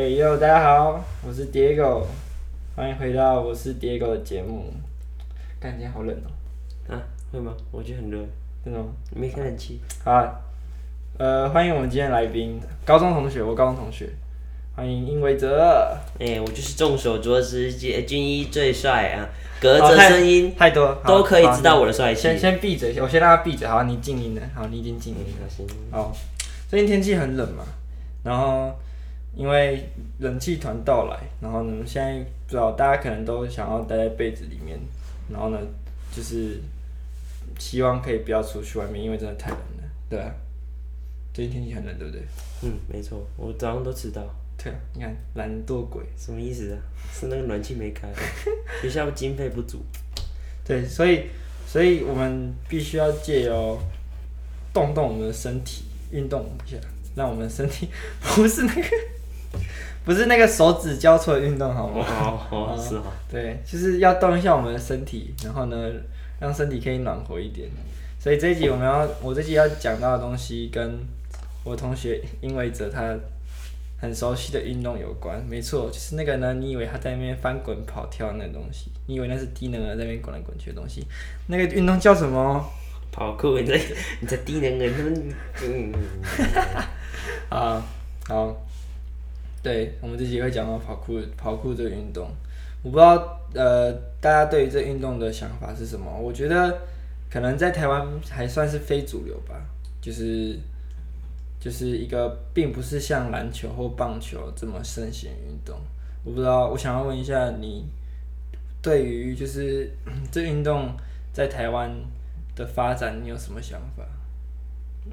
哎呦，hey, yo, 大家好，我是 Diego，歡迎回到我是 Diego 的節目。感覺好冷哦，啊，會嗎？我覺得很熱，真的嗎？沒開冷氣。好，呃，歡迎我們今天來賓，高中同學，我高中同學，歡迎殷維澤。哎、欸，我就是眾所周知，傑軍醫最帥啊，隔着聲音太，太多都可以知道我的帥。先先閉嘴，我先讓他閉嘴，好，你靜音了，好，你已經靜音了，好，最近天氣很冷嘛，然後。因為冷氣團到來，然後呢，現在不知道大家可能都想要待在被子裡面，然後呢，就是希望可以不要出去外面，因為真的太冷了，對啊，最近天氣很冷，對不對？嗯，沒錯，我早上都遲到。對啊，你看懶惰鬼什麼意思啊？是那個暖氣沒開，學校經費不足。對，所以，所以我們必須要借由動動我們的身體，運動一下，讓我們的身體不是那個。不是那個手指交錯的運動好嗎？哦，是哦，對，就是要動一下我們的身體，然後呢，讓身體可以暖和一點。所以這一集我們要，哦、我這集要講到的東西跟我同學英偉澤他很熟悉的運動有關。沒錯，就是那個呢，你以為他在那邊翻滾、跑跳那個東西，你以為那是低能兒在那邊滾來滾去的東西，那個運動叫什麼？跑酷，你在 你在低能兒那邊，嗯，啊，好。對我們這節課講到跑酷，跑酷這個運動，我不知道，呃，大家對於這運動的想法是什麼？我覺得可能在台灣還算是非主流吧，就是就是一個並不是像籃球或棒球這麼盛行的運動。我不知道，我想要問一下你，對於就是這運動在台灣的發展，你有什麼想法？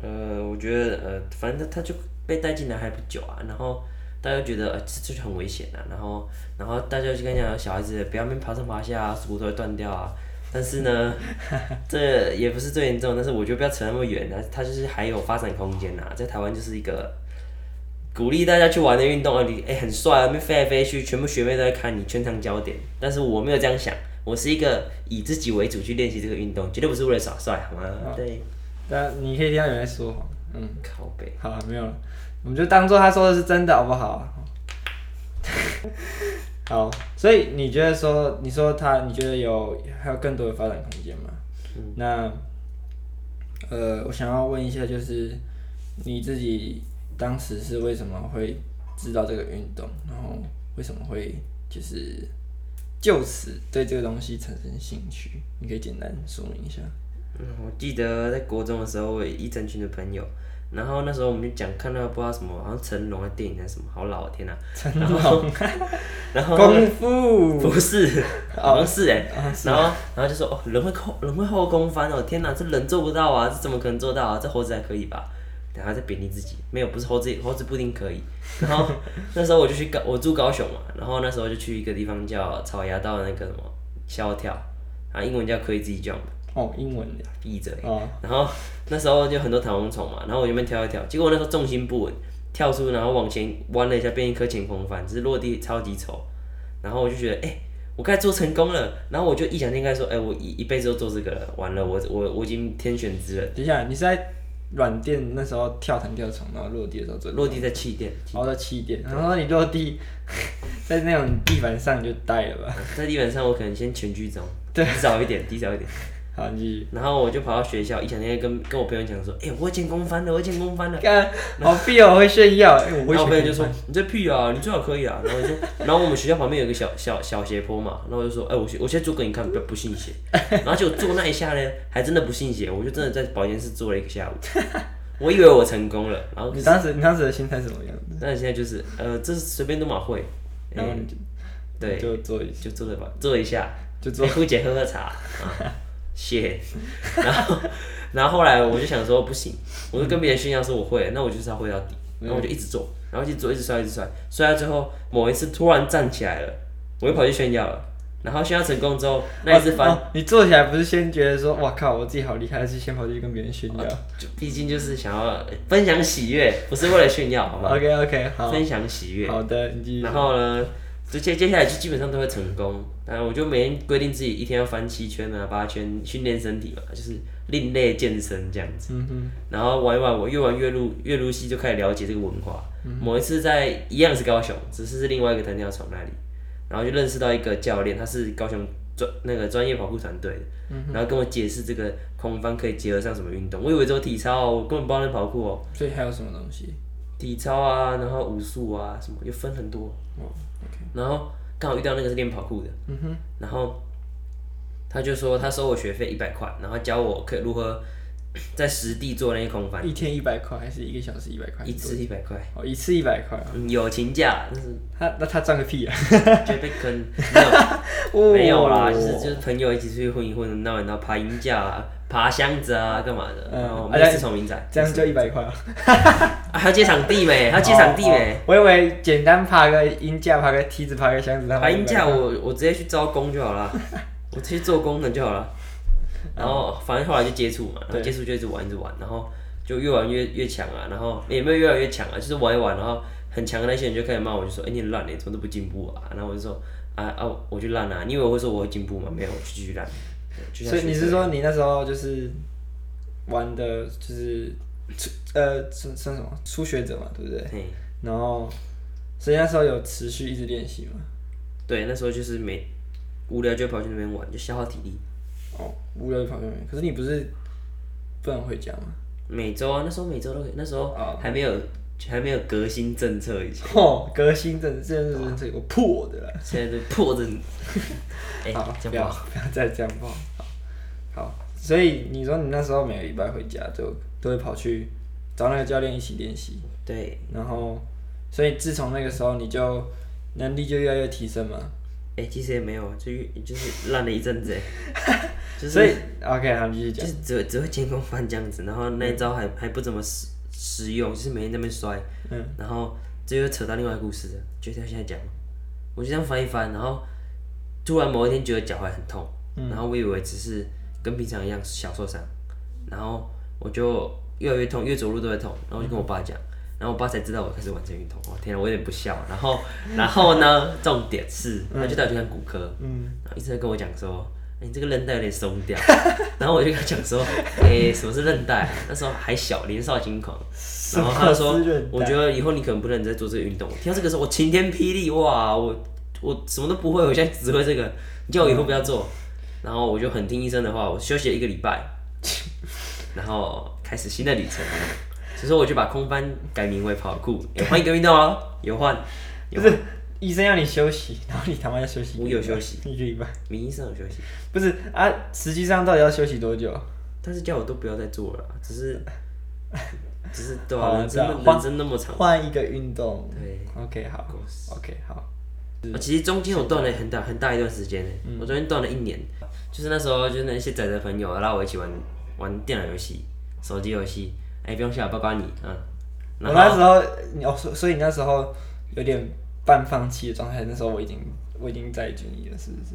呃，我覺得，呃，反正它就被帶進來還不久啊，然後。大家覺得，欸、這這很危險啊！然後，然後大家就跟講小孩子不要亂爬上爬下、啊，骨頭會斷掉啊！但是呢， 這也不是最嚴重，但是我覺得不要扯那麼遠、啊，它它就是還有發展空間吶、啊，在台灣就是一個鼓勵大家去玩的運動啊！你誒、欸，很帥、啊，飛來飛去，全部學妹都在看你，全場焦點。但是我沒有這樣想，我是一個以自己為主去練習這個運動，絕對不是為了耍帥，好嗎？好對。那你可以這樣來說嗯。靠北。好，沒有了。我們就當做他說的是真的，好不好？ 好，所以你覺得說，你說他，你覺得有還有更多的發展空間嗎？是那，呃，我想要問一下，就是你自己當時是為什麼會知道這個運動，然後為什麼會就是就此對這個東西產生興趣？你可以簡單說明一下。嗯，我記得在國中的時候，我有一整群的朋友。然後那時候我們就講看到不知道什麼，好像成龍的電影還是什麼，好老、哦、天哪！成龍，然後 功夫不是，好像是哎，然後、哦、然後就說哦，人會後，人會後空翻哦，天哪，這人做不到啊，這怎麼可能做到啊？這猴子還可以吧？等下再貶低自己，沒有，不是猴子，猴子不一定可以。然後 那時候我就去高，我住高雄嘛，然後那時候就去一個地方叫草衙道那個什麼跳跳，啊，英文叫 Crazy Jump 哦，英文的，譯者，然後。Oh. 然後那時候就很多彈簧床嘛，然後我原本跳一跳，結果我那時候重心不穩，跳出然後往前彎了一下，變一顆前空翻，只是落地超級醜。然後我就覺得，哎、欸，我該做成功了。然後我就異想天開說，哎、欸，我一一輩子都做這個了，完了，我我我已經天選之人了。等一下，你是在軟墊那時候跳彈跳床，然後落地的時候做，落地在氣墊，然後在氣墊，然後你落地在那種地板上你就呆了吧？在地板上我可能先全屈着，對低少一點，低少一點。然後我就跑到學校，一天天跟跟我朋友講說，哎，我前空翻了，我前空翻了，好屁我會炫耀，然後朋友就說，你這屁啊，你最好可以啊。然後說，然後我們學校旁邊有個小小小斜坡嘛，然後我就說，哎，我我現在做給你看，不不信邪。然後就做那一下呢，還真的不信邪，我就真的在保健室坐了一個下午，我以為我成功了。然後你當時你當時的心態是怎麼樣？那你現在就是，呃，這是隨便都馬會，然後你就對，就坐就坐在吧，坐一下，就坐，喝解，喝喝茶。謝，Sure. 然後，然後後來我就想說不行，我就跟別人炫耀說我會， 那我就是要會到底，然後我就一直做，然後一直做，一直摔，一直摔，摔到最後某一次突然站起來了，我又跑去炫耀了，然後炫耀成功之後，那一次翻，啊啊，你坐起來不是先覺得說哇靠我自己好厲害，還是先跑去跟別人炫耀？啊。就畢竟就是想要分享喜悅，不是為了炫耀好嗎？OK OK 好，分享喜悅。好的，你繼續。然後呢？接接下來就基本上都會成功，但、嗯啊、我就每天規定自己一天要翻七圈啊八圈，訓練身體嘛，就是另類健身這樣子。嗯、哼然後玩一玩，我越玩越入越入戲，就開始了解這個文化。嗯、哼某一次在一樣是高雄，只是是另外一個彈跳床那裡，然後就認識到一個教練，他是高雄專那個專業跑酷團隊的，然後跟我解釋這個空翻可以結合上什麼運動，我以為做體操，我根本不知道是跑酷哦、喔。所以還有什麼東西？體操啊，然後武術啊，什麼又分很多。然後剛好遇到那個是練跑酷的，嗯、哼然後他就說他收我學費一百塊，然後教我可以如何。在實地做那些空翻，一天一百塊還是一個小時一百塊？一次一百塊，哦，一次一百塊啊！友情價，他那他賺個屁啊！就被坑，沒有啦，就是就是朋友一起出去混一混，鬧一鬧，爬鷹架、爬箱子啊，幹嘛的？還而且從雲展，這樣就一百塊啊還要借場地沒？還要借場地沒？我以為簡單爬個鷹架、爬個梯子、爬個箱子，爬鷹架我我直接去招工就好了，我直接做工的就好了。 然後反正後來就接觸嘛，然後接觸就一直玩一直玩，然後就越玩越越強啊，然後也、欸、沒有越來越強啊，就是玩一玩，然後很強的那些人就開始罵我，就說：“哎，你很爛欸，怎麼都不進步啊？”然後我就說：“啊啊，我就爛啊！”你以為我會說我會進步嗎？沒有，我繼續爛。所以你是說你那時候就是玩的就是初呃算算什麼初學者嘛，對不對？對。然後所以那時候有持續一直練習嗎？對，那時候就是沒無聊就跑去那邊玩，就消耗體力。無聊的方面，可是你不是不能回家嗎？每周啊，那時候每周都可以，那時候還沒有、oh. 還沒有革新政策以前，已經革新政策現在政策有破的了，現在是破的。 欸、好，這不，好不要不要再這樣報，好，好。所以你說你那時候每個禮拜回家就，就都會跑去找那個教練一起練習，對，然後所以自從那個時候，你就能力就越來越提升嘛。誒、欸，其實也沒有，就就是爛了一陣子，所以 OK，他們就講，就是，okay, 就是只只會前空翻這樣子，然後那一招還、嗯、還不怎麼使實用，就是沒那麼帥。嗯，然後這又扯到另外一個故事，就是他現在講，我就這樣翻一翻，然後突然某一天覺得腳踝很痛，嗯、然後我以為只是跟平常一樣小受傷，然後我就越來越痛，越走路都會痛，然後就跟我爸講。嗯然後我爸才知道我開始完成運動，我、哦，天啊，我有點不孝。然後，然後呢，重點是，他就帶我去看骨科，嗯，嗯，然後醫生跟我講說，你這個韌帶有點鬆掉， 然後我就跟他講說，誒，什麼是韌帶？那時候還小，年少輕狂，然後他就說，我覺得以後你可能不能再做這個運動。聽到這個時候，我晴天霹靂，哇，我我什麼都不會，我現在只會這個，你叫我以後不要做。嗯、然後我就很聽醫生的話，我休息了一個禮拜，然後開始新的旅程。所以說我就把空翻改名為跑酷，換一個運動哦。有換，不是醫生要你休息，然後你他媽要休息。我有休息，一禮拜，名義上有休息，不是啊？實際上到底要休息多久？但是叫我都不要再做了，只是只是斷了這麼認真那麼長，換一個運動。對，OK，好，OK，好。其實中間我斷了很大很大一段時間呢，我中間斷了一年，就是那時候就那些仔仔朋友拉我一起玩玩電腦遊戲、手機遊戲。哎、欸，不用謝啊，包括你。嗯，然後我那時候，你要所、哦、所以你那時候有點半放棄的狀態。那時候我已經，我已經在軍營了，是不是？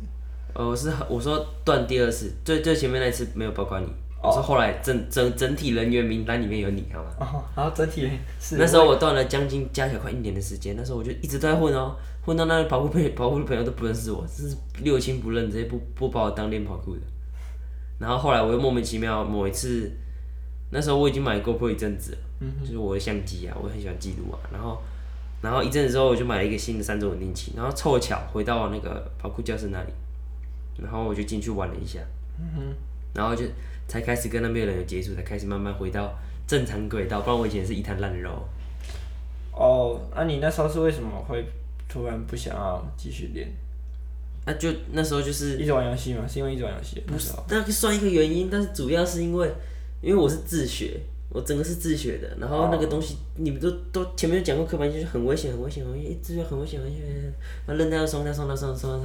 哦、呃，我是，我說斷第二次，最最前面那一次沒有包括你。哦、我說後來整整整體人員名單裡面有你，好嗎？哦，然後整體 那時候我斷了將近加起來快一年的時間。那時候我就一直都在混哦，混到那跑步朋跑步的朋友都不認識我，真、嗯、是六親不認，直接不不把我當練跑酷的。然後後來我又莫名其妙某一次。那時候我已經買 GoPro 一陣子，嗯、哼就是我的相機啊，我很喜歡記錄啊。然後，然後一陣子之後，我就買了一個新的三軸穩定器。然後湊巧回到那個跑酷教室那裡，然後我就進去玩了一下，嗯、哼然後就才開始跟那邊的人有接觸，才開始慢慢回到正常軌道。不然我以前是一灘爛肉。哦，那、啊、你那時候是為什麼會突然不想要繼續練？那、啊、就那時候就是一直玩遊戲嘛，是因為一直玩遊戲。不是，那算一個原因，但是主要是因為。因為我是自學。我整個是自學的，然後那個東西，oh. 你們都都前面就講過課本，刻板印象很危險，很危險，危險，一直就很危險，很危險。欸、危險危險然扔掉，鬆掉，鬆掉，鬆，鬆，鬆，鬆。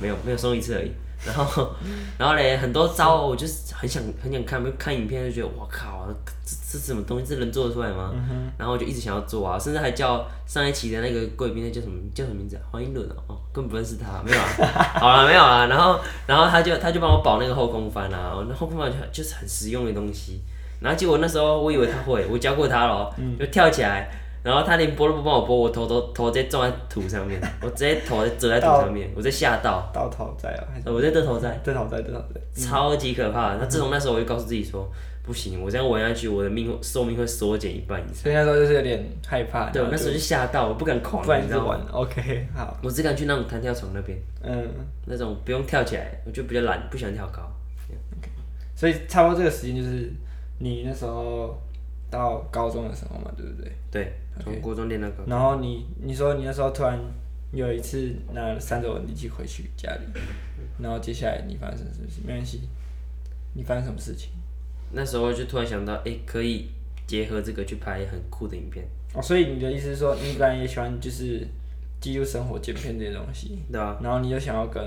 沒有，沒有鬆一次而已。然後，然後嘞，很多招，我就是很想很想看，看影片就覺得，哇靠、啊，這這，這什麼東西，這能做的出來嗎？Mm hmm. 然後我就一直想要做啊，甚至還叫上一期的那個貴賓，那叫什麼？叫什麼名字啊？黃英倫哦，哦，根本不認識他，沒有啊。 好了，沒有啊。然後，然後他就他就幫我保那個後空翻啊，後，後空翻就就是很實用的東西。然後結果那時候我以為他會，我教過他了，就跳起來，然後他連撥都不幫我撥，我頭都頭直接撞在土上面，我直接頭折在土上面，我在嚇到，倒頭栽啊，我在倒頭栽，倒頭栽，倒頭栽，超級可怕。那自從那時候我就告訴自己說，不行，我這樣玩下去，我的命壽命會縮減一半以上。所以那時候就是有點害怕，對，那時候就嚇到，我不敢狂，不敢玩。你知道嗎？OK，好，我只敢去那種彈跳床那邊，嗯，那種不用跳起來，我就比較懶，不喜歡跳高。所以差不多這個時間就是。你那時候到高中的時候嘛，對不對？對，從 Okay. 國中練那個。然後你你說你那時候突然有一次拿了三軸穩定器回去家裡，然後接下來你發生什麼事？沒關係，你發生什麼事情？那時候就突然想到，哎、欸，可以結合這個去拍很酷的影片。哦，所以你的意思是說，你本來也喜歡就是記錄生活剪片這些東西， 對吧、啊？然後你就想要跟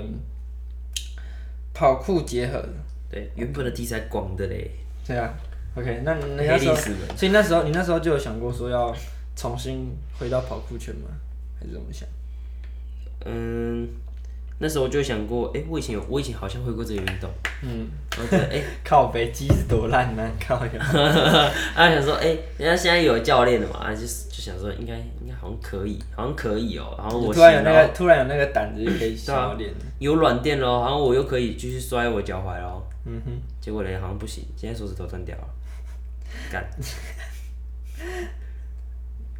跑酷結合。對，原本的題材廣的嘞。對啊。OK，那，那，黑歷史人家說，所以那時候你那時候就有想過說要重新回到跑酷圈嗎？還是怎麼想？嗯，那時候我就想過，誒、欸，我以前有，我以前好像會過這個運動。嗯，我覺得誒，靠北機是多爛呢，靠腰。啊，想說誒、欸，人家現在有教練了嘛，啊就，就是就想說應該應該好像可以，好像可以哦、喔。然後我突然有那個突然有那個膽子可以去教練，有軟墊咯，然後我又可以繼續摔我腳踝咯。嗯哼，結果嘞好像不行，現在手指頭斷掉了。幹，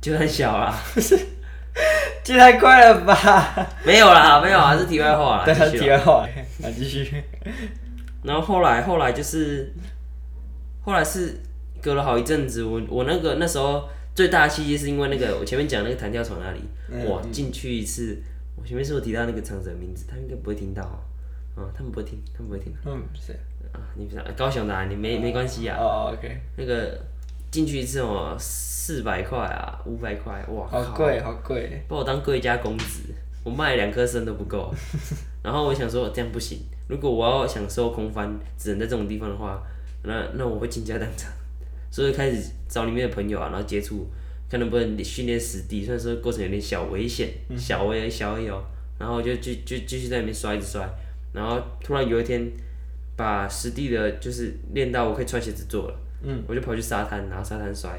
就很小啦，就太快了吧？沒有啦，沒有啊，是題外話了，但是題外話，來繼續。然後後來後來就是，後來是隔了好一陣子，我我那個那時候最大的契機是因為那個我前面講那個彈跳床那裡，我進去一次。我前面是不是提到那個廠長的名字？他應該不會聽到哦，啊啊，他們不會聽，他們不會聽，嗯，是。啊，你不想高雄的，啊，你沒、oh, 沒關係啊。哦、oh,，OK。那個進去一次哦，四百塊啊，五百塊，哇，好貴，好貴，把我當貴家公子，我賣兩顆腎都不夠。 然後我想說，這樣不行，如果我要享受空翻，只能在這種地方的話，那那我會傾家蕩產。 所以開始找裡面的朋友啊，然後接觸，看能不能訓練實地，雖然說過程有點小危險，嗯、小危小危險，然後就就就繼續在裡面摔，一直摔，然後突然有一天，把實地的，就是練到我可以穿鞋子做了，嗯，我就跑去沙灘，然後沙灘摔，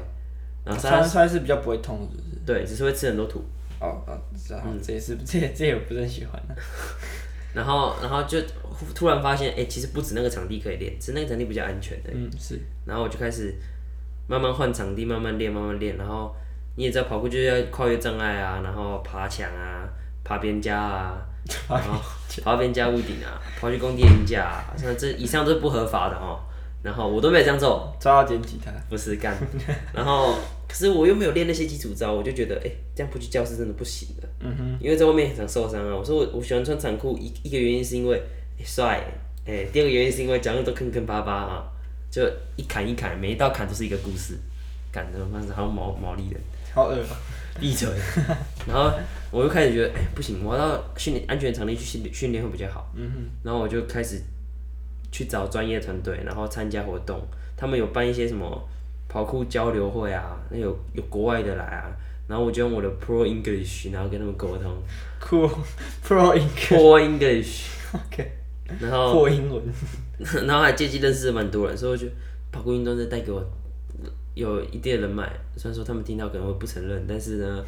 然後沙灘、啊、摔是比較不會痛是不是？對，只是會吃很多土。哦哦，哦知道嗯這，這也是這這也我不很喜歡然。然後然後就突然發現，哎、欸，其實不止那個場地可以練，只那個場地比較安全的。嗯，是。然後我就開始慢慢換場地，慢慢練，慢慢練。然後你也知道，跑酷就是要跨越障礙啊，然後爬牆啊，爬邊家啊。然後跑到別人家屋頂啊，跑去工地人家啊， 啊這以上都是不合法的哦。然後我都沒有這樣做，抓到幾台，不是幹。 然後可是我又沒有練那些基礎招，我就覺得誒，這樣不去教室真的不行的。嗯哼。因為在外面很常受傷啊。我說我我喜歡穿長褲一一,一個原因是因為帥，誒，第二個原因是因為講的都坑坑巴巴啊，就一砍一砍，每一道砍都是一個故事，砍的媽子好毛毛利的，好惡，閉嘴。然後。我就開始覺得，哎、欸，不行，我要到訓練安全場地去訓訓練會比較好。嗯、哼然後我就開始去找專業團隊，然後參加活動。他們有辦一些什麼跑酷交流會啊，那有有國外的來啊。然後我就用我的 Pro English，然後跟他們溝通。 Cool Pro。Eng pro Poor English。Pro English。OK。然後。英文。 然後還借機認識了蠻多人，所以我就跑酷運動就帶給我有一定的人脈。雖然說他們聽到可能會不承認，但是呢。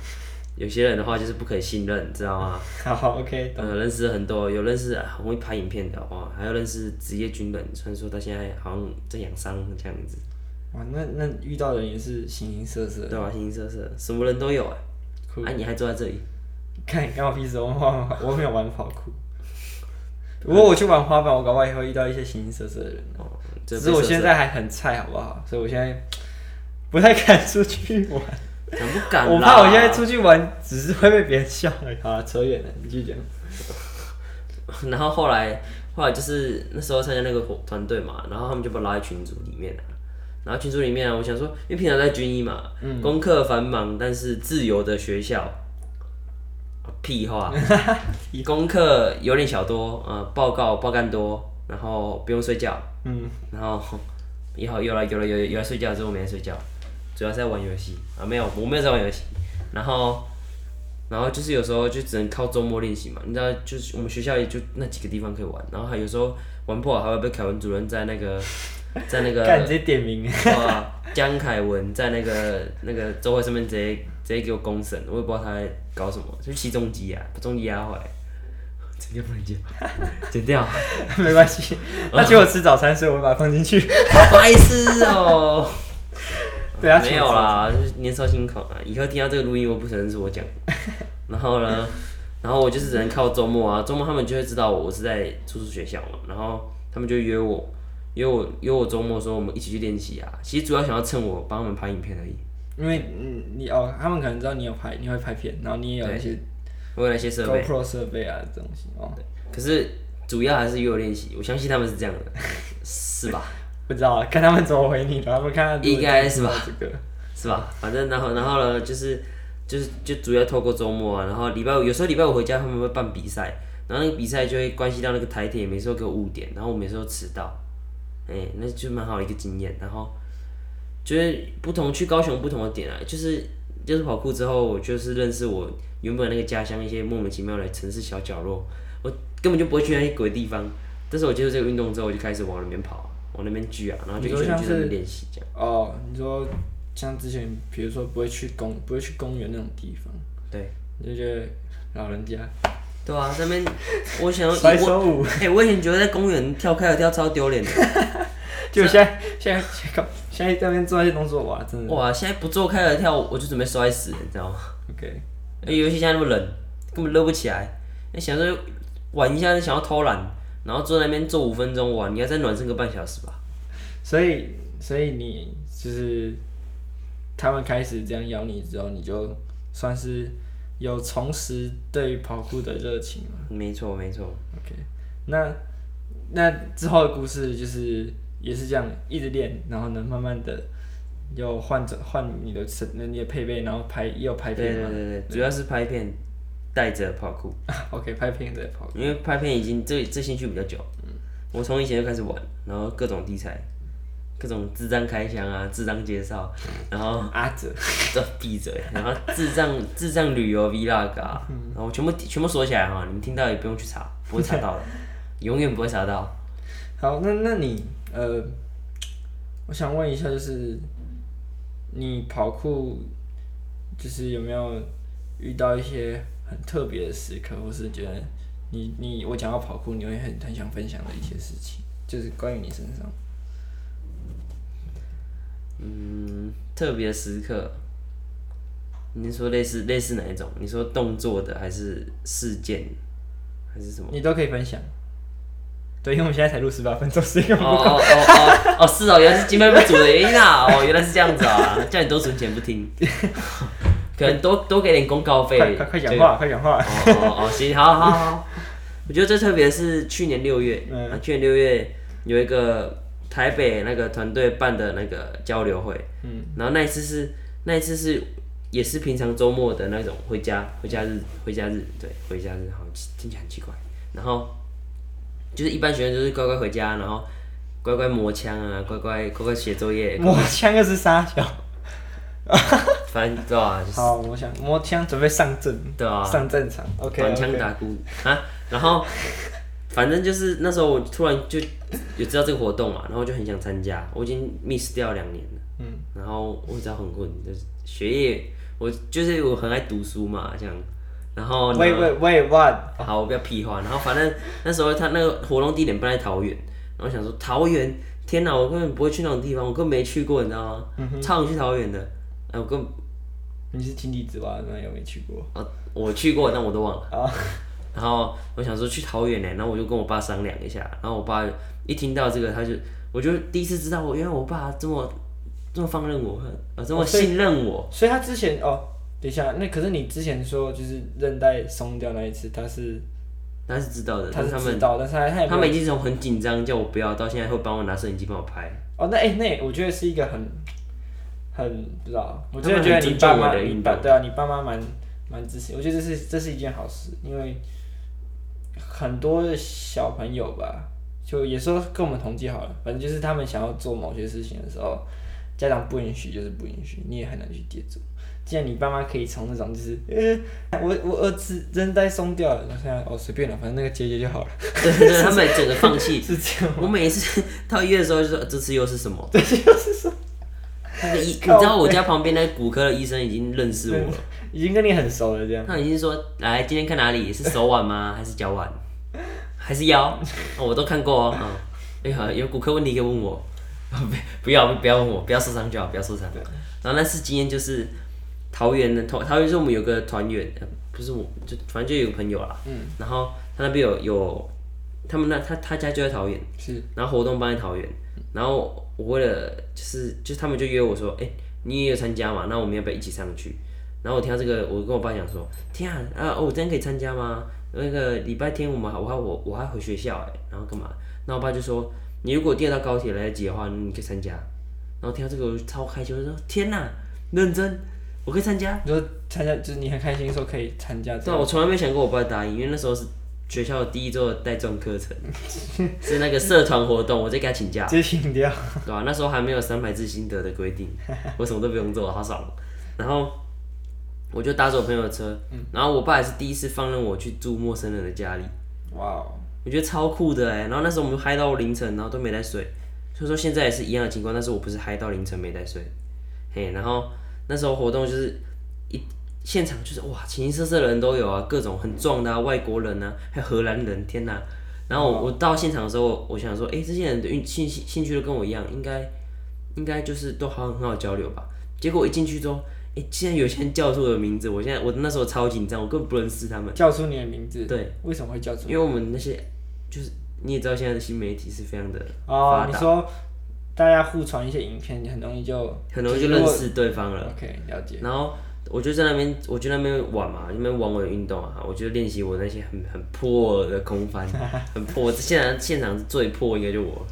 有些人的話就是不可以信任，知道嗎？好，OK，嗯、呃，認識很多，有認識很、啊、會拍影片的哦，還有認識職業軍人，雖然說他現在好像在養傷這樣子。哇，那那遇到的人也是形形色色。對啊，形形色色，什麼人都有啊。哎酷、啊，你還坐在這裡？看你幹我屁事？我玩，我沒有玩跑酷。 如果我去玩滑板，我搞不好也會遇到一些形形色色的人。哦、色色只是我現在還很菜，好不好？所以我現在不太敢出去玩。 敢不敢？我怕我現在出去玩，只是會被別人笑而已。好，扯遠了，你繼續講。 然後後來，後來就是那時候參加那個團隊嘛，然後他們就被拉在群組裡面，然後群組裡面、啊，我想說，因為平常在軍醫嘛，嗯、功課繁忙，但是自由的學校，屁話， 功課有點小多，啊、呃，報告報幹多，然後不用睡覺，嗯，然後以後又來又來又又來睡覺之後，沒人睡覺。主要是在玩遊戲啊，沒有，我沒有在玩遊戲。然後，然後就是有時候就只能靠周末練習嘛，你知道，就是我們學校也就那幾個地方可以玩。然後還有時候玩不好，還會被凱文主任在那個在那個 直接點名。哇、啊，江凱文在那個那個座位上面直接直接給我公審，我也不知道他在搞什麼，就是騎重機啊，把重機壓壞，直接不能剪、欸，剪掉，剪掉 沒關係，他請我吃早餐，嗯、所以我把它放進去，不好意思哦。 啊、沒有啦，就是年少輕狂啊！以後聽到這個錄音，我不承認是我講的。 然後呢，然後我就是只能靠周末啊，周末他們就會知道我是在住宿學校嘛，然後他們就約我，約我約我周末說我們一起去練習啊。其實主要想要趁我幫他們拍影片而已，因為嗯你哦，他們可能知道你有拍，你會拍片，然後你也有一些，我有一些設備啊東西哦。對可是主要還是約我練習，我相信他們是這樣的， 是吧？不知道，看他們怎麼回你，把他們看看，應該是吧？是吧？反正然後然後呢，就是就是就主要透過週末啊，然後禮拜五有時候禮拜五回家他們會辦比賽，然後那個比賽就會關係到那個台鐵，每次都給我誤點，然後我每次都遲到，哎、欸，那就蠻好的一個經驗。然後就是不同去高雄不同的點啊，就是就是跑酷之後，我就是認識我原本那個家鄉一些莫名其妙的城市小角落，我根本就不會去那些鬼地方，但是我接觸這個運動之後，我就開始往裡面跑。往那邊舉啊，然後就一直就在那練習這樣。哦，你說像之前，比如說不會去公，不會去公園那種地方，對，那些老人家，對啊，這邊我想要哎 舞、欸，我以前覺得在公園跳開合跳超丟臉的， 就現在、啊、現在，現在搞現在這邊做這些動作哇，真的。哇，現在不做開合跳，我就準備摔死了，你知道嗎？OK，尤其現在那麼冷， 根本熱不起來。那想要說玩一下，就想要偷懶。然後坐在那邊坐五分鐘，哇！你要再暖身個半小時吧。所以，所以你就是他們開始這樣咬你之後，你就算是有重拾對跑酷的熱情了。沒錯，沒錯。OK，那那之後的故事就是也是這樣，一直練，然後呢，慢慢的又換着換你的身，你的配備，然後拍又拍片嗎？對對對對，對主要是拍片。帶着跑酷，OK，拍片的跑酷，okay, 跑酷因為拍片已經這這興趣比較久，嗯，我從以前就開始玩，然後各種題材，各種智障開箱啊，智障介紹，然後阿哲，閉嘴、嗯，啊、 然後智障智障旅遊 Vlog，、啊嗯、然後全部全部鎖起來哈、啊，你們聽到也不用去查，不會查到的， 永遠不會查到。好，那那你呃，我想問一下，就是你跑酷就是有沒有遇到一些？特別的時刻，我是覺得你你我講到跑酷，你會很很想分享的一些事情，就是關於你身上。嗯，特別時刻，你說類似類似哪一種？你說動作的，還是事件，還是什麼？你都可以分享。對，因為我們現在才錄十八分鐘，是一個哦 哦哦哦，哦， 哦，是哦，原來是經費不足的原因啊！哦，原來是這樣子啊！叫你多存錢不聽。 可能多多給點公告費。快、這個、快講話！快講話！哦哦，行，好好好。 我覺得最特別是去年六月，嗯、啊，去年六月有一個台北那個團隊辦的那個交流會，嗯，然後那一次是那一次是也是平常周末的那種回家回家日回家日對回家日，好像聽起來很奇怪。然後就是一般學生就是乖乖回家，然後乖乖磨槍啊，乖乖乖乖寫作業。磨槍又是殺小 反正對吧、啊？就是我想摸槍準備上陣，對啊，上戰場，OK，槍打鼓 okay. 啊。然後 反正就是那時候我突然就也知道這個活動嘛，然後就很想參加。我已經 miss 掉兩年了，嗯，然後我知道很困，就是學業，我就是我很愛讀書嘛，這樣。然後喂喂喂我也 e 好，我不要屁話。哦、然後反正那時候他那個活動地點不在桃園，然後我想說桃園，天吶，我根本不會去那種地方，我根本沒去過，你知道嗎？超想、嗯、哼去桃園的。哎、啊，我跟你是親弟子吧？那有沒去過？啊，我去過，但我都忘了。 啊，然後我想說去桃園呢，然後我就跟我爸商量一下，然後我爸一聽到這個，他就，我就第一次知道我，我因為我爸這麼這麼放任我，啊，這麼信任我。哦、所以，所以他之前哦，等一下，那可是你之前說就是韌帶鬆掉那一次，他是他是知道的，他是他們是他、他、他們一直都很緊張，叫我不要，到現在會幫我拿攝影機幫我拍。哦，那哎、欸，那我覺得是一個很。很不知道，他們 我真的覺得你爸媽，對啊，你爸媽蠻蠻支持，我覺得這是這是一件好事，因為很多的小朋友吧，就也說跟我們同級好了，反正就是他們想要做某些事情的時候，家長不允許就是不允許，你也很難去接住。既然你爸媽可以從那種就是，呃、欸，我我兒子韌帶鬆掉了，那現在哦隨便了，反正那個結結就好了。對對、就是，就是、他們整個放棄 是這樣。我每次到醫院的時候就說，這次又是什麼？這次又是說。醫，你知道我家旁邊那個骨科的醫生已經認識我了，已經跟你很熟了這樣。他已經說，來今天看哪裡？是手腕嗎？還是腳腕？還是腰、 哦？我都看過哦。嗯，你、欸、有骨科問題可以問我。 不要不要問我，不要受傷就好，不要受傷。對然後那是今天就是桃園的桃園，是我們有個團員，不是我就反正就有個朋友啊。嗯，然後他那邊有有。有他們那他他家就在桃園，是，然後活動辦在桃園，然後我為了就是就他們就約我說，哎、欸，你也有參加嘛，那我們要不要一起上去？然後我聽到這個，我跟我爸講說，天啊，啊，哦、我今天可以參加嗎？那個禮拜天我們還我還我我還回學校誒，然後幹嘛？然後我爸就說，你如果第二趟高鐵來得及的話，你可以參加。然後聽到這個我就超開心，我就說天吶、啊，認真，我可以參加。你說參加就是你很開心說可以參加？對，我從來沒想過我爸答應，因為那時候是。學校第一週的帶狀課程是那個社團活動，我就給他請假，直接請掉，對吧、啊？那時候還沒有三百字心得的規定，我什麼都不用做，好爽。然後我就搭着我朋友的車，然後我爸也是第一次放任我去住陌生人的家裡。哇、哦，我覺得超酷的哎、欸！然後那時候我們就嗨到凌晨，然後都沒在睡。所以說現在也是一樣的情況，但是我不是嗨到凌晨沒在睡。嘿，然後那時候活動就是一。現場就是哇，形形色色的人都有啊，各種很壯的啊，嗯、外國人啊，還有荷蘭人，天哪！然後我、哦、我到現場的時候，我想說，誒、欸，這些人的興趣興趣都跟我一樣，應該應該就是都好很好交流吧。結果我一進去之後，誒、欸，竟然有些人叫出我的名字，我現在我那時候超緊張，我根本不認識他們。叫出你的名字，對，為什麼會叫出？因為我們那些就是你也知道，現在的新媒體是非常的發達哦。你說大家互傳一些影片，你很容易就很容易就認識對方了。OK，了解。然後，我就在那邊，我就在那邊玩嘛，那邊玩我的運動啊。我就練習我那些很很破的空翻，很破。現場現場最破應該就我。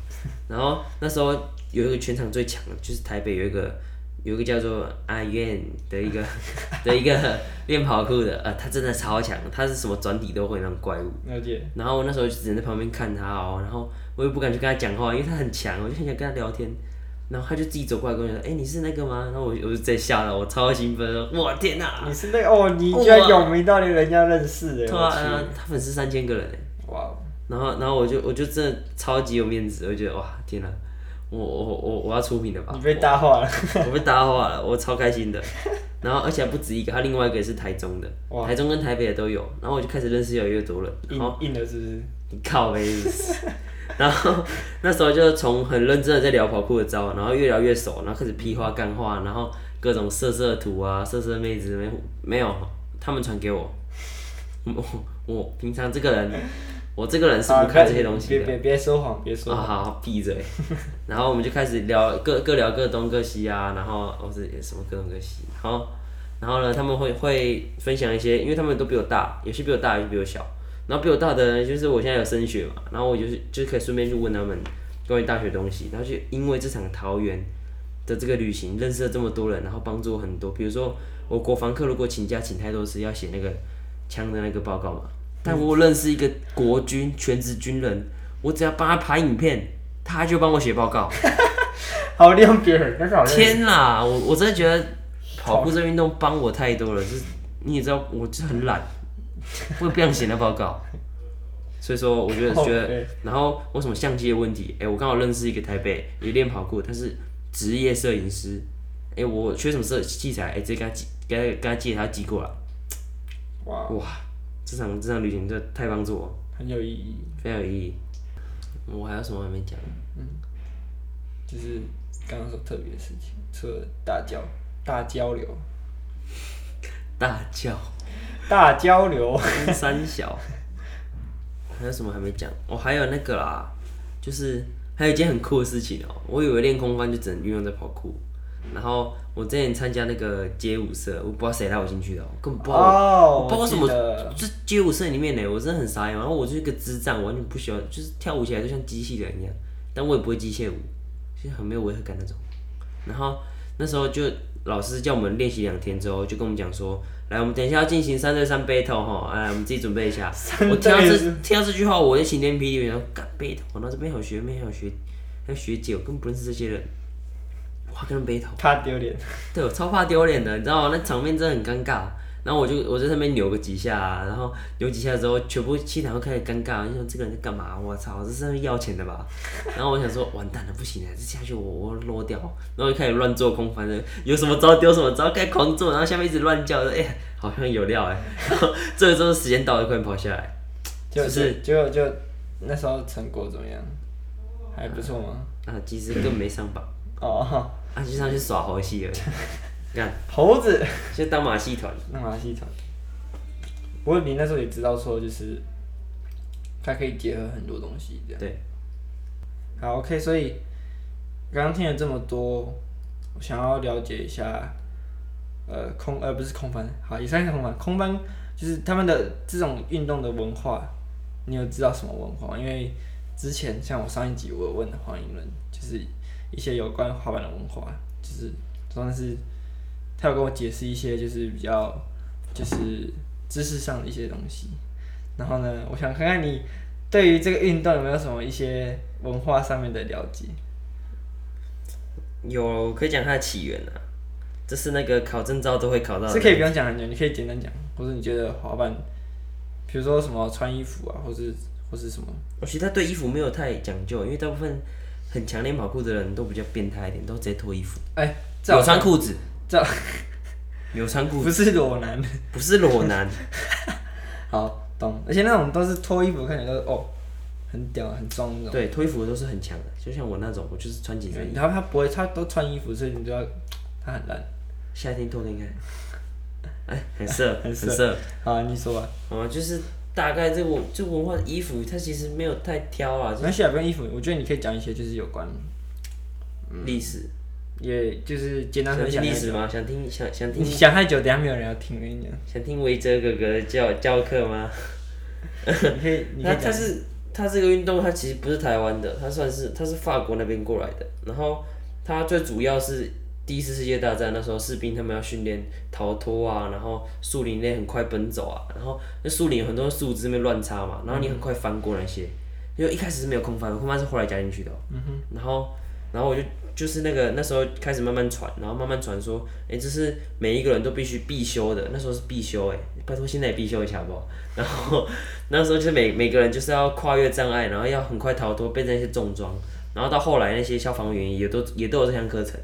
然後那時候有一個全場最強的，就是台北有一個有一個叫做阿燕的一個的一個練跑酷的，呃，他真的超強，他是什麼轉體都會，那種怪物。了解。然後我那時候就只能在旁邊看他哦、喔，然後我又不敢去跟他講話，因為他很強，我就很想跟他聊天。然後他就自己走過來跟我說：“哎、欸，你是那個嗎？”然後我我就在嚇了，我超興奮，我天哪！你是那個、哦，你居然有名哇到你人家認識的，他去他粉絲三千個人哇！然後然後我就我就真的超級有面子，我覺得哇天哪！我我我我，我要出名了吧？你被搭話了我，我被搭話了，我超開心的。 然後而且不止一個，他另外一個也是台中的，哇台中跟台北的都有。然後我就開始認識越來越多了，然後硬，硬了是不是？你靠沒意思。 然後那時候就是從很認真的在聊跑酷的招，然後越聊越熟，然後開始屁話幹話，然後各種色色的圖啊、色色妹子沒沒有，他們傳給我。我我平常這個人，我這個人是不看這些東西的。別別別,別說謊，別說謊。啊好，閉嘴。然後我們就開始聊各各聊各東各西啊，然後我、哦、是什麼各種各西，然後然後呢他們會會分享一些，因為他們都比我大，有些比我大，有些比我小。然後比我大的人就是我現在有升學嘛，然後我就是就可以順便去問他們關於大學的東西。然後就因為這場桃園的這個旅行，認識了這麼多人，然後幫助我很多。比如說，我國防課如果請假請太多次，要寫那個槍的那個報告嘛。但我認識一個國軍全職軍人，我只要幫他拍影片，他就幫我寫報告。 好利用別人，但是好利用。天啦，我我真的覺得跑酷這運動幫我太多了。就是， 你也知道，我就很懶。 我不想寫那報告，所以說我覺得覺得，然後我什麼相機的問題，哎，我剛好認識一個台北有練跑酷，他是職業攝影師，哎，我缺什麼攝器材，哎，直接跟他借，跟他借，他借過來。哇，這場這場旅行真的太幫助我，很有意義，非常有意義。我還有什麼還沒講？嗯，就是剛剛說特別的事情，除了大交大交流，大交。大交流三,三小， 還有什麼還沒講？我、哦、還有那個啦，就是還有一件很酷的事情哦、喔。我以為練空翻就只能運用在跑酷，然後我之前參加那個街舞社，我不知道誰拉我進去的，我根本不知道我。包括、oh, 什麼？就街舞社裡面呢，我真的很傻眼。然後我就是一個智障，我完全不喜歡，就是跳舞起來就像機器人一樣，但我也不會機械舞，所以很沒有違和感那種。然後那時候就老師叫我們練習兩天之後，就跟我們講說。來，我們等一下要進行三對三 battle 哈、啊！哎，我們自己準備一下。三對 我聽到這是聽到這句話，我就晴天霹靂裡面我幹 battle。我哪這邊有學，那邊有學，還有學姐，我根本不認識這些人，我怕跟 battle，怕丟臉。對，我超怕丟臉的， 你知道嗎？那場面真的很尷尬。然後我就我就在上面扭個幾下、啊，然後扭幾下之後，全部氣場都開始尷尬。你說這個人是幹嘛，啊？我操，這是要錢的吧？然後我想說，完蛋了，不行了，這下去我我落掉。然後開始亂做空翻了，有什麼招丟什麼招，開始狂做。然後下面一直亂叫，哎，欸，好像有料哎，欸。然後說、這個、時候，時間到了，快跑下來。就是，是，就就，就那時候成果怎麼樣？還不錯嗎？啊，其實都沒上榜。哦， 啊，就上去耍猴戲了。 你看猴子，就 當馬戲團，當馬戲團。不過你那時候也知道說就是它可以結合很多東西這樣。對，好 OK，所以剛剛聽了這麼多，我想要了解一下，呃，空而，呃、不是空翻，好，也算是空翻。空翻就是他們的這種運動的文化，你有知道什麼文化？因為之前像我上一集我有問黃英倫，就是一些有關滑板的文化，就是算是。他有跟我解釋一些，就是比較，就是知識上的一些東西。然後呢，我想看看你對於這個運動有沒有什麼一些文化上面的了解。有，可以講它的起源啊。這是那個考證照都會考到的，是可以不用講很久，你可以簡單講，或者你覺得滑板，比如說什麼穿衣服啊，或是或是什麼？我其實他對衣服沒有太講究，因為大部分很強烈跑酷的人都比較變態一點，都直接脫衣服。哎、欸，這好像有穿褲子。這有穿褲子， 不是裸男， 不是裸男 好，好懂，而且那種都是脫衣服，看起來都是哦，很屌，很裝的。對，脫衣服都是很強的，就像我那種，我就是穿緊身衣。然後、嗯、他不會，他都穿衣服，所以你就要他很難。夏天脫的應該哎， 很色，很色。好、啊，你說吧。哦、啊，就是大概這個這文化的衣服，它其實沒有太挑啊。那下面衣服，我覺得你可以講一些，就是有關歷史。嗯也、yeah, 就是簡單分講歷史嘛，想聽想想聽？想太久，等下沒有人要聽我跟你講，想聽維澤哥哥的教教課嗎？他 他是他這個運動，他其實不是台灣的，他算是他是法國那邊過來的。然後他最主要是第一次世界大戰那時候，士兵他們要訓練逃脫啊，然後樹林內很快奔走啊，然後那樹林很多樹枝沒亂插嘛，然後你很快翻過那些，因為、嗯、哼一開始是沒有空翻，的，空翻是後來加進去的、喔。嗯哼，然後然後我就。就是那個那時候開始慢慢傳，然後慢慢傳說，誒、欸，這是每一個人都必須必修的。那時候是必修，誒，拜托現在也必修一下好不好？然後那時候就是每每個人就是要跨越障礙，然後要很快逃脫，被那些重裝。然後到後來那些消防員也都也都有這項課程。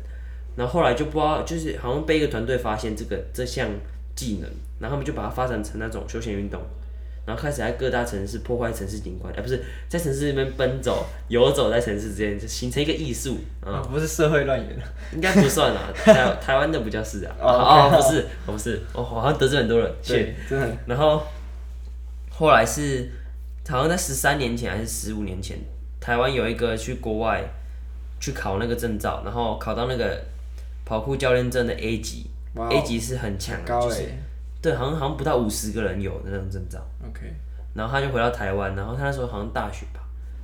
然後後來就不知道，就是好像被一個團隊發現這個這項技能，然後他們就把它發展成那種休閒運動。然後開始在各大城市破壞城市景觀，而不是在城市裡面奔走、遊走在城市之間，就形成一個藝術。啊，不是社會亂源，應該不算啦，台台灣的不叫是啊。哦不是，不是，哦，好像得罪很多人。對，真的。然後後來是好像在十三年前還是十五年前，台灣有一個去國外去考那個證照，然後考到那個跑酷教練證的 A 級，A 級是很強的，對。對，好像好像不到五十個人有的那種證照，OK，然後他就回到台灣，然後他那時候好像大學吧，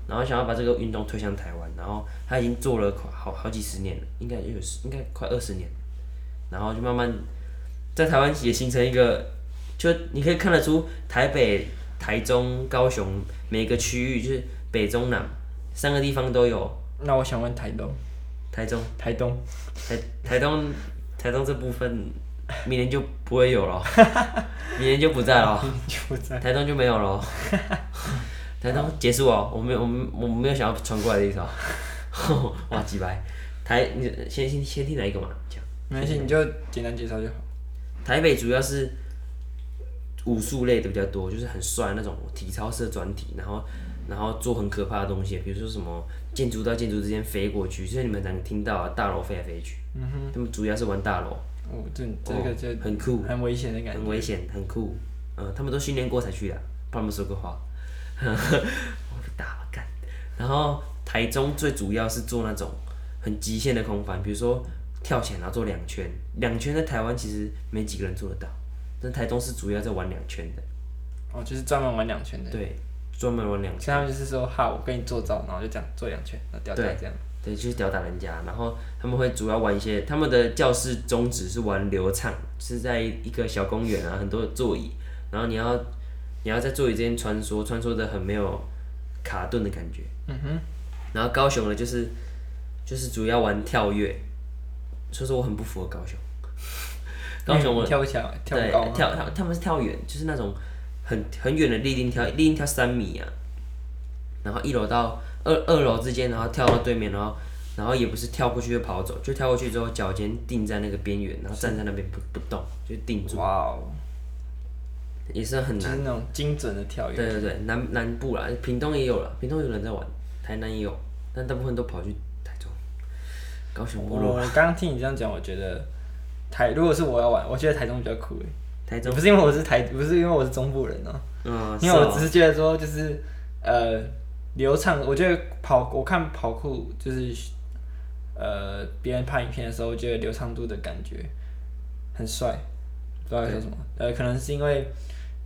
然後想要把這個運動推向台灣，然後他已經做了好好幾十年了，應該有，應該快二十年，然後就慢慢在台灣也形成一個，就你可以看得出台北、台中、高雄每個區域，就是北中南三個地方都有。那我想問台東，台中、台東、台台東、台東這部分。明年就不會有了， 明年就不在了， 台東就沒有了， 台東結束哦，我沒有，我們我沒有想要傳過來的意思哦，哇幾百， 台你先先先聽哪一個嘛？講，沒事你就簡單介紹就好。台北主要是武術類的比較多，就是很帥那種體操式的轉體，然後然後做很可怕的東西，比如說什麼建築到建築之間飛過去，就是你們能聽到、啊、大樓飛來飛去，嗯、哼 他們主要是玩大樓。哦，這、oh, 這個就、oh, 很酷，很危險的感覺，很危險，很酷。嗯、呃，他們都訓練過才去的，幫他們說過話，我 不打干。然後台中最主要是做那種很極限的空翻，比如說跳起來然後做兩圈，兩圈在台灣其實沒幾個人做得到，但台中是主要在玩兩圈的。哦，oh, 就是專門玩兩圈的。對，專門玩兩圈。下面就是說，好，我跟你做招，然後就這樣做兩圈，然後吊帶這樣。對，就是吊打人家，然後他們會主要玩一些，他們的教室宗旨是玩流暢，是在一個小公園啊，很多的座椅，然後你要你要在座椅之間穿梭，穿梭的很沒有卡頓的感覺。嗯哼。然後高雄呢，就是就是主要玩跳躍，所以說我很不符合高雄。高雄我、欸、跳不起來，跳高、啊。跳跳他們是跳遠，就是那種很很遠的立定跳，對立定跳三米啊，然後一樓到。二二樓之間，然後跳到對面，然後，然後也不是跳過去就跑走，就跳過去之後腳尖定在那個邊緣，然後站在那邊不是不動，就定住，Wow 也是很難，就是那種精準的跳躍。對對對，南南部啦，屏東也有啦，屏東有人在玩，台南也有，但大部分都跑去台中。高雄部落我剛剛聽你這樣講，我覺得台，如果是我要玩，我覺得台中比較酷。台中。不是因為我是台，不是因為我是中部人哦、喔。嗯。因為我只是覺得說，就是，是、喔、呃。流暢，我覺得跑，我看跑酷就是，呃，別人拍影片的時候，我覺得流暢度的感覺很帥。不知道為什麼，對呃，可能是因為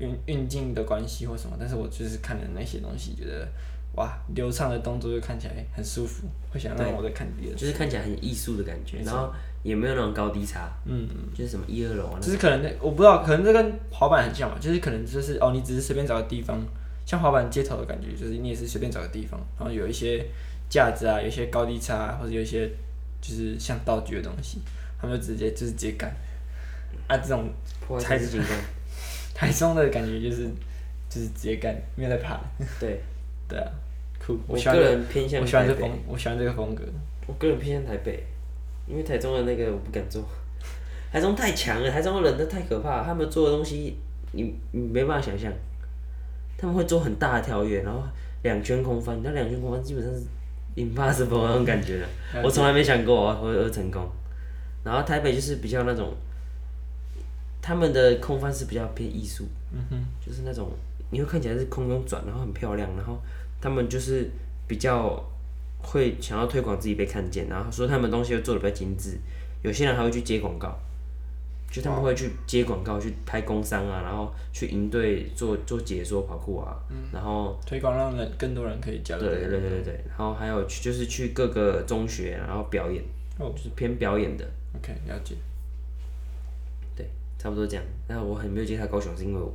運運鏡的關係或什麼，但是我就是看了那些東西，覺得哇，流暢的動作就看起來很舒服，會想讓我再看第二次，就是看起來很藝術的感覺，是然後也沒有那種高低差，嗯，就是什麼一二樓啊，就是可能那我不知道，可能這跟滑板很像嘛，就是可能就是哦，你只是隨便找個地方。像滑板街頭的感覺，就是你也是隨便找個地方，然後有一些架子啊，有一些高低差啊，或者有一些就是像道具的東西，他們就直接就是直接幹。啊。這種台中， 台中的感覺就是就是直接幹，沒有在爬。對， 對啊，酷。我喜歡我喜歡這風，我喜歡這個風格。我個人偏向台北，因為台中的那個我不敢做， 台中太強了，台中的人都太可怕，他們做的東西你你，你沒辦法想象。他們會做很大的跳躍，然後兩圈空翻，那兩圈空翻基本上是 impossible 那種感覺的， 我從來沒想過我會會成功。然後台北就是比較那種，他們的空翻是比較偏藝術，嗯哼，就是那種你會看起來是空中轉，然後很漂亮，然後他們就是比較會想要推廣自己被看見，然後說他們東西又做的比較精致，有些人還會去接廣告。就他們會去接廣告，oh. 去拍工商啊，然後去營隊做做解說跑酷啊，嗯、然後推廣讓人更多人可以加入。對對對對，然後還有去就是去各個中學然後表演，oh. 就是偏表演的。OK，了解。對，差不多這樣。然後我很沒有接他高雄是因為我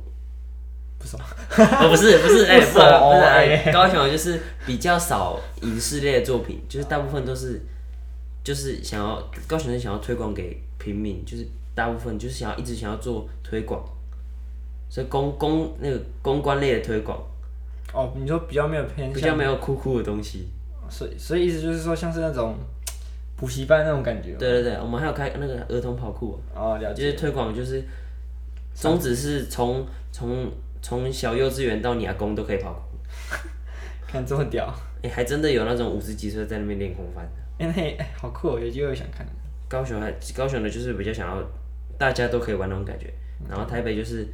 不，爽、 哦、不是不是哎、欸、不不是哎、欸，高雄就是比較少影視類的作品，就是大部分都是就是想要高雄人想要推廣給平民就是。大部分就是想要一直想要做推廣，所以公公那個公關類的推廣。哦，你說比較沒有偏向，比較沒有酷酷的東西。所以所以意思就是說，像是那種補習班那種感覺。對對對，我們還有開那個兒童跑酷。哦，了解了。就是推廣，就是宗旨是從從從小幼稚園到你阿公都可以跑酷。 看這麼屌！哎、欸，還真的有那種五十幾歲在那邊練空翻的。哎哎、欸欸，好酷、喔！有機會有想看。高雄還高雄呢，就是比較想要。大家都可以玩那種感覺，然後台北就是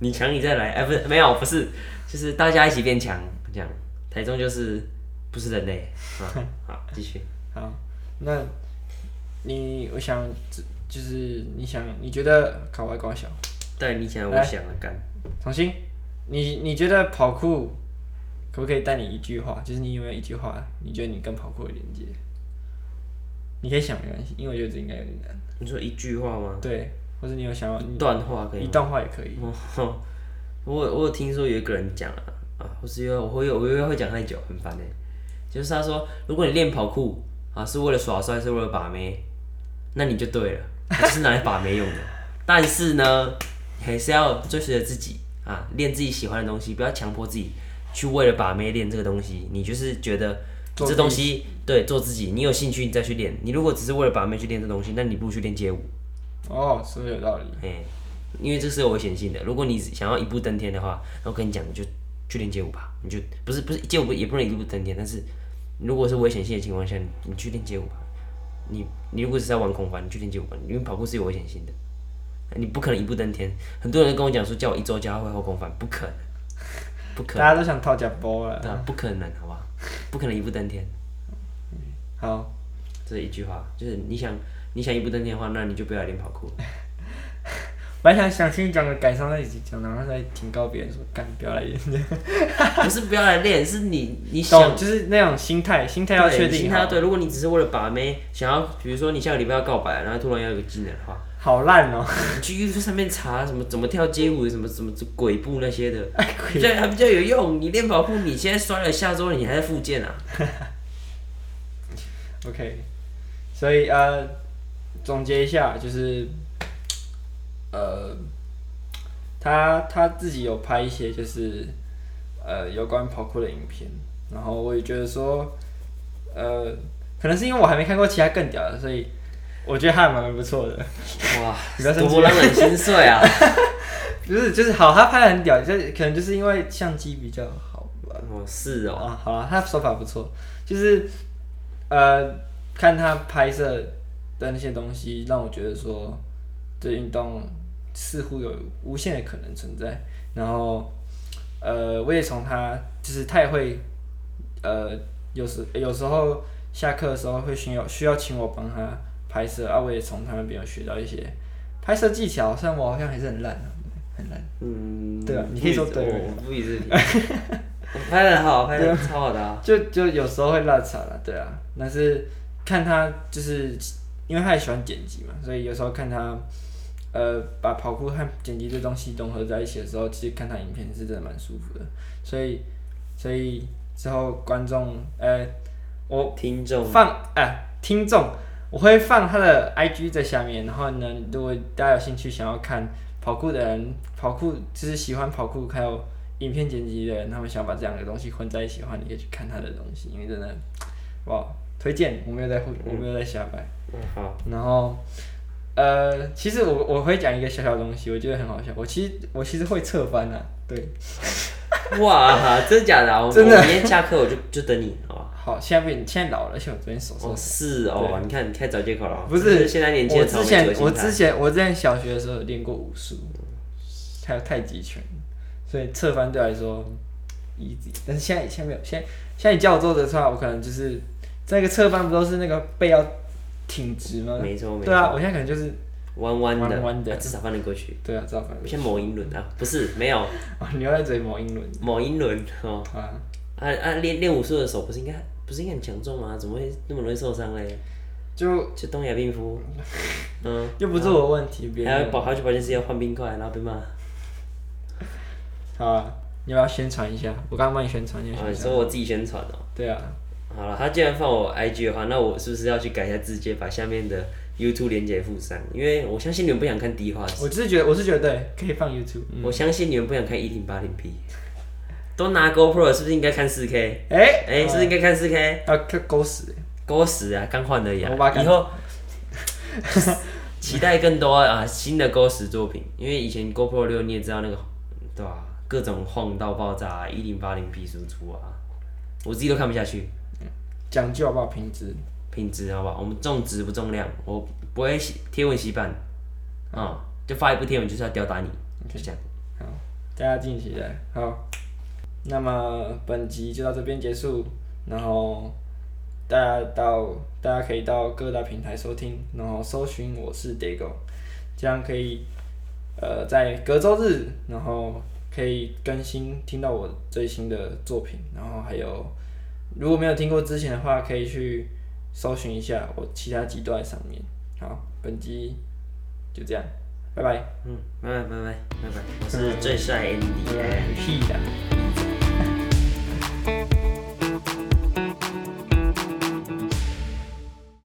你強你再來，哎、欸，不是沒有，不是，就是大家一起變強這樣。台中就是不是人類，啊、 好，繼續。好，那你我想就是你想你覺得考哇高小？對，你想來我想的干。重新，你你覺得跑酷可不可以帶你一句話？就是你有沒有一句話，你覺得你跟跑酷有連接？你可以想沒關係，因為我覺得這應該有點難。你說一句話嗎？對，或者你有想要一段話可以，一段話也可以。哦、我我有聽說有一個人講啊，啊，或是有會有我有會講太久，很煩哎、欸。就是他說，如果你練跑酷啊，是為了耍帥，是為了把妹，那你就對了，還、啊就是拿來把妹用的。 但是呢，還是要追隨着自己啊，練自己喜歡的東西，不要強迫自己去為了把妹練這個東西。你就是覺得這東西。對，做自己。你有興趣，你再去練。你如果只是為了把妹去練這東西，那你不如去練街舞。哦，是不是有道理？哎、欸，因為這是有危險性的。如果你想要一步登天的話，那我跟你講，你就去練街舞吧。你就不是不是街舞，也不能一步登天。但是如果是危險性的情況下，你去練街舞吧。你你如果只是在玩空翻，你去練街舞吧。因為跑酷是有危險性的，你不可能一步登天。很多人跟我講說，叫我一周教會後空翻，不可能，不可能。 大家都想套假包了，對，不可能，好不好？不可能一步登天。好，這一句話就是你想你想一步登天的話，那你就不要來練跑酷。我還 想想先你講個改善的一起講，然後再警告別人說幹不要來練。 不是不要來練，是你你想就是那種心態，心態要確定。心態要對，如果你只是為了把妹，想要比如說你下個禮拜要告白，然後突然要有個技能的話，好爛哦、喔！你去 YouTube 上面查什麼怎麼跳街舞，什麼什麼，什麼鬼步那些的，對鬼，還比較有用。你練跑酷，你現在摔了，下周你還在復健啊。 OK，所以呃，總結一下就是，呃，他他自己有拍一些就是呃有關跑酷的影片，然後我也覺得說，呃，可能是因為我還沒看過其他更屌的，所以我覺得他還蠻不錯的。哇，我本來很心碎啊！不是、 就是，就是好，他拍的很屌，這可能就是因為相機比較好吧。哦，是哦，啊，好啦，他手法不錯，就是。呃，看他拍攝的那些東西，讓我覺得說，這運動似乎有無限的可能存在。然後，呃，我也從他就是他也會，呃，有時有時候下課的時候會需要需要請我幫他拍攝啊，我也從他那邊學到一些拍攝技巧，雖然我好像還是很爛、啊、很爛。嗯，對啊，你可以說對，我、哦、對不以自 我拍的很好，拍的對超好的、啊， 就就有時候會落差啦，對啊，但是看他就是，因為他也喜歡剪輯嘛，所以有時候看他，呃，把跑酷和剪輯這東西融合在一起的時候，其實看他影片，是真的蠻舒服的，所以所以之後觀眾，呃，我聽眾放哎，聽眾，我會放他的 IG 在下面，然後呢，如果大家有興趣想要看跑酷的人，跑酷就是喜歡跑酷還有。影片剪輯的人，他們想把這兩個東西混在一起的話，你可以去看他的東西，因為真的，哇！推薦，我沒有在，嗯、我沒有在瞎掰。嗯好。然後，呃，其實我我會講一個小小的東西，我覺得很好笑。我其實我其實會側翻的、啊，對。哇，真的假的啊？ 真的。我明天下課我就就等你、哦、好，現在不，現在老了，先往這邊說是哦，對你看，你太找借口了。不是，現在年輕，的。我之前我之前我在小學的時候練過武術，還有太極拳。所以側翻對我來說，一、但是現在現在沒有，現在現在你叫我做的時候，我可能就是一個側翻。不都是那個背要挺直嗎？沒錯，沒錯。對啊，我現在可能就是彎彎的，彎彎的，至少翻得過去。對啊，至少翻。先抹英輪啊，不是沒有啊，要在這裡抹英輪，抹英輪哦。啊啊練練武術的時候不是應該不是應該很強壯嗎？怎麼會那麼容易受傷嘞？就就東亞病夫，嗯，又不是我問題。還要保好久？保健室要換冰塊，然後被罵。好、啊，你要不要宣傳一下。我剛剛幫你宣傳一下、啊。你說我自己宣傳哦、喔？對啊。好了，他既然放我 IG 的話，那我是不是要去改一下，直接把下面的 YouTube 連接附上？因為我相信你們不想看低畫質。我只是覺得，我是覺得對，可以放 YouTube。嗯、我相信你們不想看一零八零 P。都拿 GoPro 是不是應該看四 K？哎哎，是不是應該看四 K？啊，看 Go 十 Go 十啊，剛換的呀。我看以後 期待更多啊，新的 Go 十作品。因為以前 GoPro 六你也知道那個，對吧、啊？各種晃到爆炸，一零八零 P 輸出啊，我自己都看不下去。講、嗯、究好不好品？品質，品質好不好？我們重質不重量，我不會寫貼文洗版，啊好、嗯，就發一部貼文就是要吊打你，okay, 就這樣，好，大家進行的，好。那麼本集就到這邊結束，然後大家到大家可以到各大平台收聽，然後搜尋我是 Dago，這樣可以呃在隔周日，然後。可以更新聽到我最新的作品，然後還有如果沒有聽過之前的話，可以去搜尋一下我其他集都在上面。好，本期就這樣，拜拜。嗯，拜拜拜拜拜拜，拜拜我是最帥的 P。